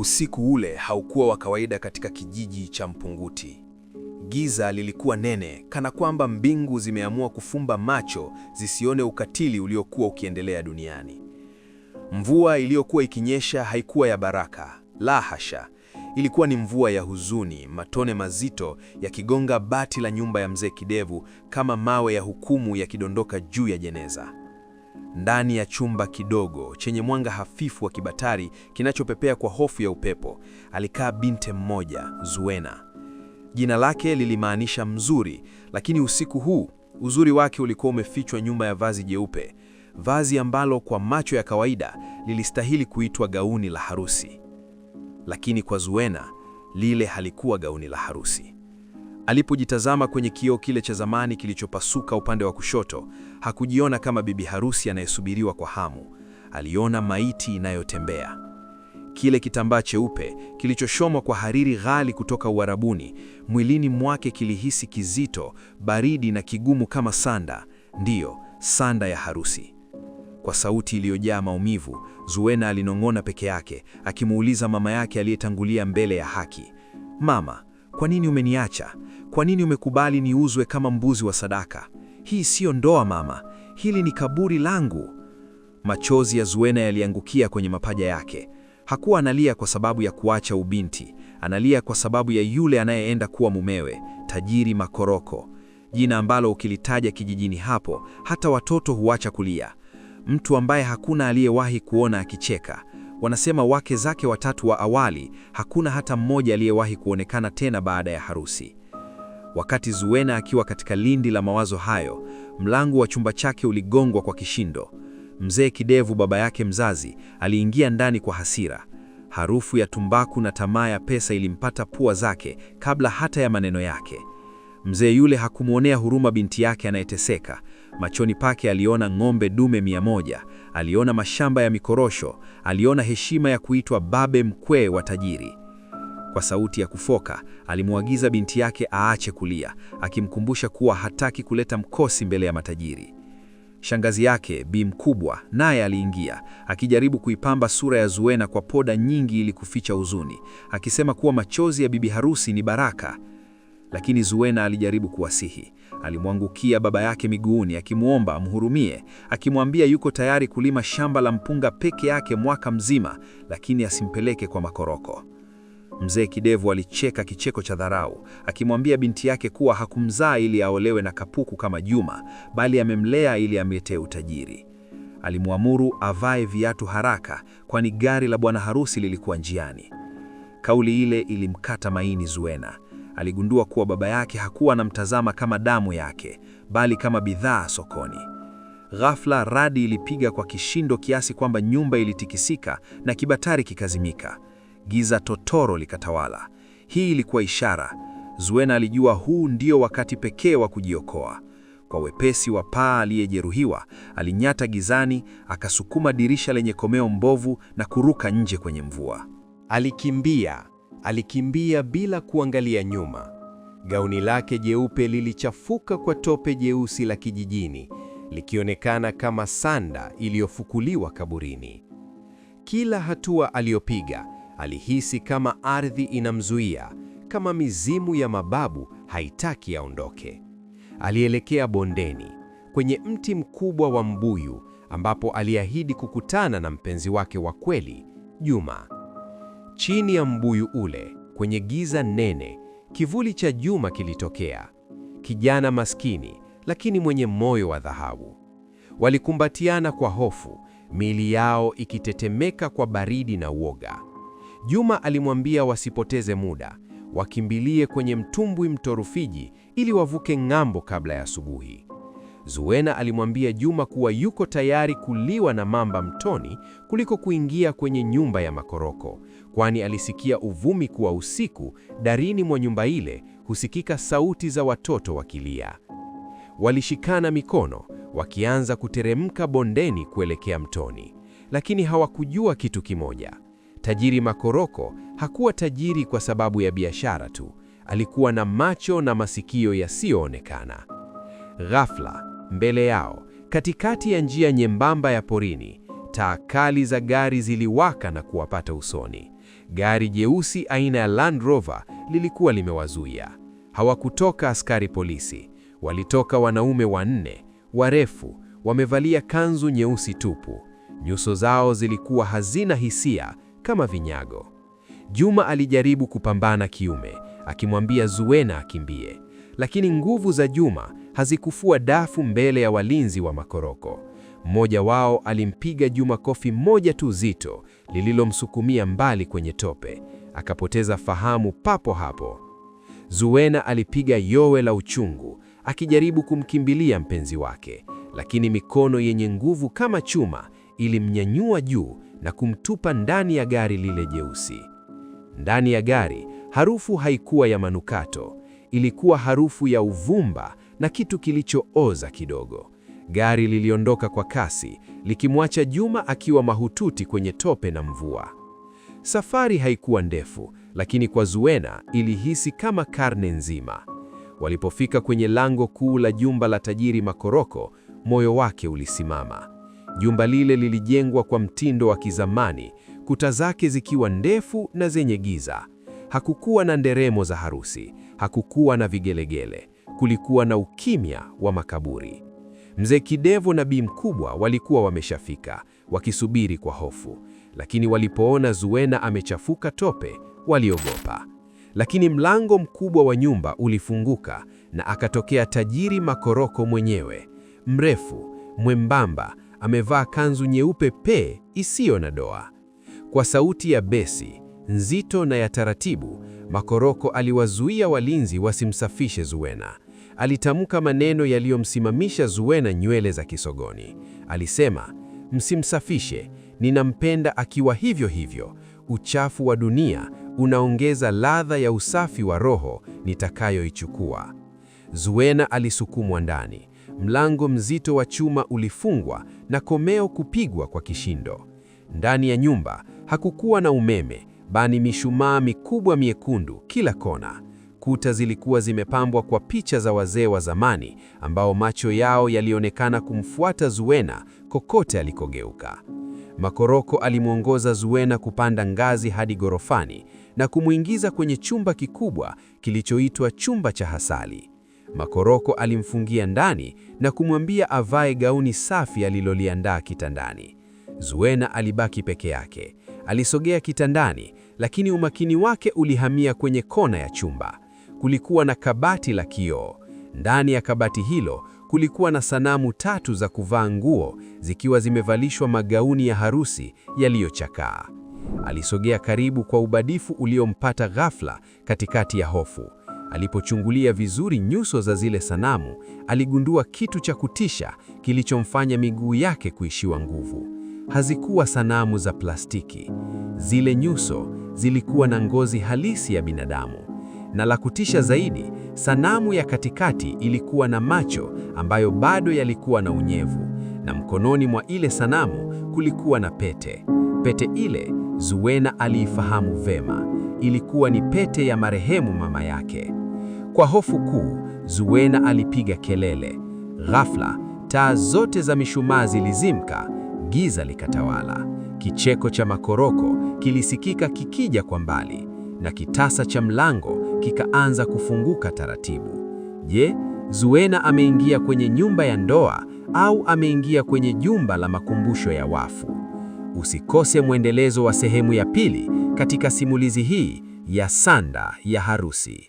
Usiku ule haukuwa wa kawaida katika kijiji cha Mpunguti. Giza lilikuwa nene, kana kwamba mbingu zimeamua kufumba macho zisione ukatili uliokuwa ukiendelea duniani. Mvua iliyokuwa ikinyesha haikuwa ya baraka, la hasha. Ilikuwa ni mvua ya huzuni, matone mazito yakigonga bati la nyumba ya mzee Kidevu kama mawe ya hukumu yakidondoka juu ya jeneza ndani ya chumba kidogo chenye mwanga hafifu wa kibatari kinachopepea kwa hofu ya upepo, alikaa binte mmoja Zuena. Jina lake lilimaanisha mzuri, lakini usiku huu uzuri wake ulikuwa umefichwa nyuma ya vazi jeupe, vazi ambalo kwa macho ya kawaida lilistahili kuitwa gauni la harusi, lakini kwa Zuena lile halikuwa gauni la harusi. Alipojitazama kwenye kioo kile cha zamani kilichopasuka upande wa kushoto, hakujiona kama bibi harusi anayesubiriwa kwa hamu. Aliona maiti inayotembea. Kile kitambaa cheupe kilichoshomwa kwa hariri ghali kutoka Uarabuni, mwilini mwake kilihisi kizito, baridi na kigumu kama sanda. Ndiyo, sanda ya harusi. Kwa sauti iliyojaa maumivu, zuena alinong'ona peke yake, akimuuliza mama yake aliyetangulia mbele ya haki, mama kwa nini umeniacha? Kwa nini umekubali niuzwe kama mbuzi wa sadaka? Hii siyo ndoa mama, hili ni kaburi langu. Machozi ya Zuena yaliangukia kwenye mapaja yake. Hakuwa analia kwa sababu ya kuacha ubinti, analia kwa sababu ya yule anayeenda kuwa mumewe, tajiri Makoroko, jina ambalo ukilitaja kijijini hapo hata watoto huacha kulia, mtu ambaye hakuna aliyewahi kuona akicheka Wanasema wake zake watatu wa awali hakuna hata mmoja aliyewahi kuonekana tena baada ya harusi. Wakati Zuena akiwa katika lindi la mawazo hayo, mlango wa chumba chake uligongwa kwa kishindo. Mzee Kidevu, baba yake mzazi, aliingia ndani kwa hasira. Harufu ya tumbaku na tamaa ya pesa ilimpata pua zake kabla hata ya maneno yake. Mzee yule hakumwonea huruma binti yake anayeteseka, Machoni pake aliona ng'ombe dume mia moja, aliona mashamba ya mikorosho, aliona heshima ya kuitwa babe mkwe wa tajiri. Kwa sauti ya kufoka alimwagiza binti yake aache kulia, akimkumbusha kuwa hataki kuleta mkosi mbele ya matajiri. Shangazi yake Bi Mkubwa naye aliingia akijaribu kuipamba sura ya Zuena kwa poda nyingi ili kuficha huzuni, akisema kuwa machozi ya bibi harusi ni baraka lakini zuena alijaribu kuwasihi. Alimwangukia baba yake miguuni akimwomba amhurumie, akimwambia yuko tayari kulima shamba la mpunga peke yake mwaka mzima, lakini asimpeleke kwa makoroko. Mzee Kidevu alicheka kicheko cha dharau, akimwambia binti yake kuwa hakumzaa ili aolewe na kapuku kama Juma, bali amemlea ili amete utajiri. Alimwamuru avae viatu haraka, kwani gari la bwana harusi lilikuwa njiani. Kauli ile ilimkata maini zuena aligundua kuwa baba yake hakuwa anamtazama kama damu yake, bali kama bidhaa sokoni. Ghafla radi ilipiga kwa kishindo kiasi kwamba nyumba ilitikisika na kibatari kikazimika. Giza totoro likatawala. Hii ilikuwa ishara. Zuena alijua huu ndio wakati pekee wa kujiokoa. Kwa wepesi wa paa aliyejeruhiwa, alinyata gizani, akasukuma dirisha lenye komeo mbovu na kuruka nje kwenye mvua. Alikimbia Alikimbia bila kuangalia nyuma. Gauni lake jeupe lilichafuka kwa tope jeusi la kijijini, likionekana kama sanda iliyofukuliwa kaburini. Kila hatua aliyopiga, alihisi kama ardhi inamzuia, kama mizimu ya mababu haitaki aondoke. Alielekea bondeni, kwenye mti mkubwa wa mbuyu ambapo aliahidi kukutana na mpenzi wake wa kweli, Juma. Chini ya mbuyu ule, kwenye giza nene, kivuli cha Juma kilitokea, kijana maskini lakini mwenye moyo wa dhahabu. Walikumbatiana kwa hofu, miili yao ikitetemeka kwa baridi na uoga. Juma alimwambia wasipoteze muda, wakimbilie kwenye mtumbwi mto Rufiji ili wavuke ng'ambo kabla ya asubuhi. Zuena alimwambia Juma kuwa yuko tayari kuliwa na mamba mtoni kuliko kuingia kwenye nyumba ya makoroko, kwani alisikia uvumi kuwa usiku darini mwa nyumba ile husikika sauti za watoto wakilia. Walishikana mikono wakianza kuteremka bondeni kuelekea mtoni, lakini hawakujua kitu kimoja. Tajiri Makoroko hakuwa tajiri kwa sababu ya biashara tu, alikuwa na macho na masikio yasiyoonekana. Ghafla mbele yao, katikati ya njia nyembamba ya porini, taa kali za gari ziliwaka na kuwapata usoni. Gari jeusi aina ya Land Rover lilikuwa limewazuia. Hawakutoka askari polisi, walitoka wanaume wanne warefu, wamevalia kanzu nyeusi tupu. Nyuso zao zilikuwa hazina hisia kama vinyago. Juma alijaribu kupambana kiume, akimwambia Zuena akimbie, lakini nguvu za Juma hazikufua dafu mbele ya walinzi wa makoroko. Mmoja wao alimpiga Juma kofi moja tu zito lililomsukumia mbali kwenye tope, akapoteza fahamu papo hapo. Zuwena alipiga yowe la uchungu akijaribu kumkimbilia mpenzi wake, lakini mikono yenye nguvu kama chuma ilimnyanyua juu na kumtupa ndani ya gari lile jeusi. Ndani ya gari harufu haikuwa ya manukato, ilikuwa harufu ya uvumba na kitu kilichooza kidogo. Gari liliondoka kwa kasi likimwacha Juma akiwa mahututi kwenye tope na mvua. Safari haikuwa ndefu, lakini kwa Zuena ilihisi kama karne nzima. Walipofika kwenye lango kuu la jumba la tajiri Makoroko, moyo wake ulisimama. Jumba lile lilijengwa kwa mtindo wa kizamani, kuta zake zikiwa ndefu na zenye giza. Hakukuwa na nderemo za harusi, hakukuwa na vigelegele, kulikuwa na ukimya wa makaburi. Mzee Kidevo na Bi Mkubwa walikuwa wameshafika, wakisubiri kwa hofu, lakini walipoona Zuena amechafuka tope, waliogopa. Lakini mlango mkubwa wa nyumba ulifunguka na akatokea tajiri Makoroko mwenyewe, mrefu, mwembamba, amevaa kanzu nyeupe pe isiyo na doa. Kwa sauti ya besi nzito na ya taratibu, Makoroko aliwazuia walinzi wasimsafishe Zuena alitamka maneno yaliyomsimamisha zuena nywele za kisogoni. Alisema, msimsafishe, ninampenda akiwa hivyo hivyo. Uchafu wa dunia unaongeza ladha ya usafi wa roho nitakayoichukua. zuena alisukumwa ndani. Mlango mzito wa chuma ulifungwa na komeo kupigwa kwa kishindo. Ndani ya nyumba hakukuwa na umeme, bali mishumaa mikubwa miekundu kila kona. Kuta zilikuwa zimepambwa kwa picha za wazee wa zamani ambao macho yao yalionekana kumfuata Zuena kokote alikogeuka. Makoroko alimwongoza Zuena kupanda ngazi hadi gorofani na kumwingiza kwenye chumba kikubwa kilichoitwa chumba cha Hasali. Makoroko alimfungia ndani na kumwambia avae gauni safi aliloliandaa kitandani. Zuena alibaki peke yake. Alisogea kitandani, lakini umakini wake ulihamia kwenye kona ya chumba kulikuwa na kabati la kioo. Ndani ya kabati hilo kulikuwa na sanamu tatu za kuvaa nguo zikiwa zimevalishwa magauni ya harusi yaliyochakaa. Alisogea karibu kwa ubadifu uliompata ghafla katikati ya hofu. Alipochungulia vizuri nyuso za zile sanamu, aligundua kitu cha kutisha kilichomfanya miguu yake kuishiwa nguvu. Hazikuwa sanamu za plastiki. Zile nyuso zilikuwa na ngozi halisi ya binadamu na la kutisha zaidi, sanamu ya katikati ilikuwa na macho ambayo bado yalikuwa na unyevu, na mkononi mwa ile sanamu kulikuwa na pete. Pete ile Zuwena aliifahamu vema, ilikuwa ni pete ya marehemu mama yake. Kwa hofu kuu, Zuwena alipiga kelele. Ghafla taa zote za mishumaa zilizimka, giza likatawala. Kicheko cha makoroko kilisikika kikija kwa mbali, na kitasa cha mlango kikaanza kufunguka taratibu. Je, Zuena ameingia kwenye nyumba ya ndoa au ameingia kwenye jumba la makumbusho ya wafu? Usikose mwendelezo wa sehemu ya pili katika simulizi hii ya Sanda ya Harusi.